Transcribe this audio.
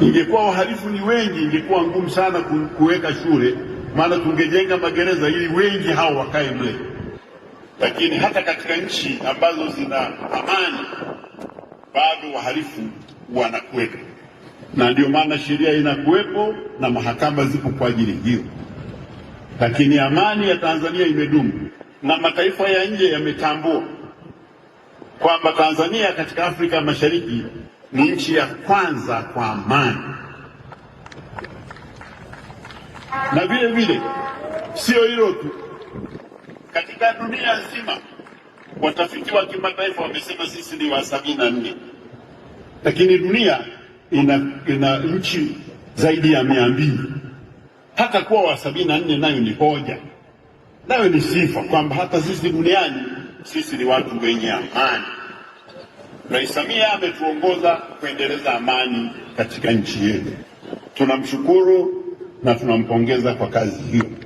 Ingekuwa wahalifu ni wengi, ingekuwa ngumu sana kuweka shule, maana tungejenga magereza ili wengi hao wakae mle. Lakini hata katika nchi ambazo zina amani bado wahalifu wanakuweka na ndio maana sheria inakuwepo na mahakama zipo kwa ajili hiyo. Lakini amani ya Tanzania imedumu na mataifa ya nje yametambua kwamba Tanzania katika Afrika Mashariki ni nchi ya kwanza kwa amani, na vile vile sio hilo tu, katika dunia nzima watafiti wa kimataifa wamesema sisi ni wa sabini na nne, lakini dunia ina, ina nchi zaidi ya mia mbili. Hata kuwa wa sabini na nne nayo ni hoja, nayo ni sifa kwamba hata sisi duniani sisi ni watu wenye amani. Rais Samia ametuongoza kuendeleza amani katika nchi yetu. Tunamshukuru na tunampongeza kwa kazi hiyo.